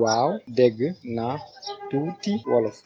waaw dégg naa tuuti wolof